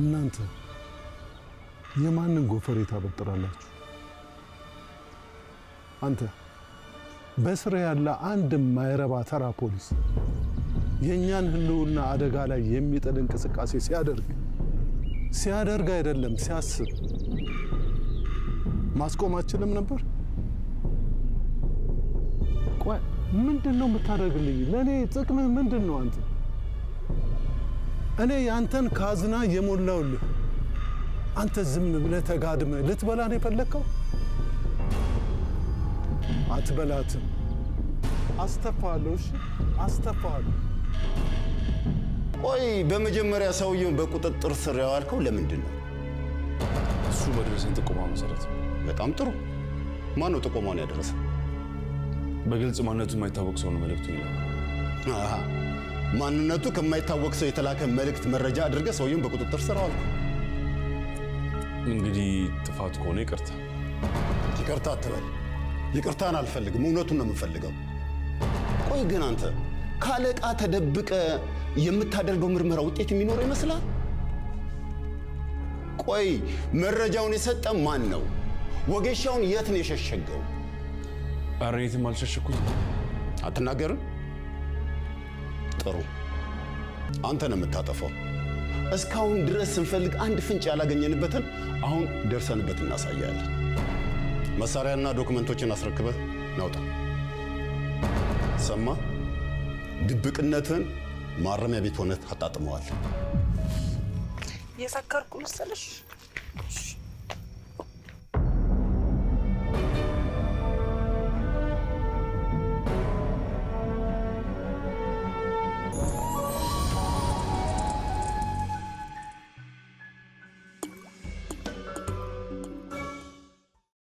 እናንተ የማንን ጎፈሬ ታበጥራላችሁ? አንተ በስር ያለ አንድ ማይረባ ተራ ፖሊስ የእኛን ህልውና አደጋ ላይ የሚጥል እንቅስቃሴ ሲያደርግ ሲያደርግ አይደለም ሲያስብ ማስቆም አችልም ነበር። ቆይ ምንድን ነው የምታደርግልኝ? ለእኔ ጥቅምህ ምንድን ነው አንተ? እኔ ያንተን ካዝና የሞላውልህ አንተ ዝም ብለህ ተጋድመ ልትበላ ነው የፈለግከው? አትበላትም። አስተፋለሁ። እሺ፣ አስተፋለሁ። ቆይ በመጀመሪያ ሰውየውን በቁጥጥር ስር ያዋልከው ለምንድን ነው? እሱ በደረሰኝ ጥቆማ መሰረት። በጣም ጥሩ። ማን ነው ጥቆማውን ያደረሰ? በግልጽ ማንነቱ የማይታወቅ ሰው ነው መልእክቱ። ማንነቱ ከማይታወቅ ሰው የተላከ መልእክት መረጃ አድርገ ሰውየውን በቁጥጥር ስር አዋልኩ። እንግዲህ ጥፋት ከሆነ ይቅርታ። ይቅርታ አትበል። ይቅርታን አልፈልግም። እውነቱን ነው የምፈልገው። ቆይ ግን አንተ ከአለቃ ተደብቀ የምታደርገው ምርመራ ውጤት የሚኖረው ይመስላል? ቆይ መረጃውን የሰጠ ማን ነው? ወጌሻውን የት ነው የሸሸገው? ኧረ የትም አልሸሸኩትም። አትናገርም? ጥሩ፣ አንተ ነው የምታጠፋው። እስካሁን ድረስ ስንፈልግ አንድ ፍንጭ ያላገኘንበትን አሁን ደርሰንበት እናሳያለን። መሳሪያና ዶክመንቶችን አስረክበ ናውጣ። ሰማ፣ ድብቅነትን ማረሚያ ቤት ሆነት አጣጥመዋል። የሰከርኩ መሰለሽ?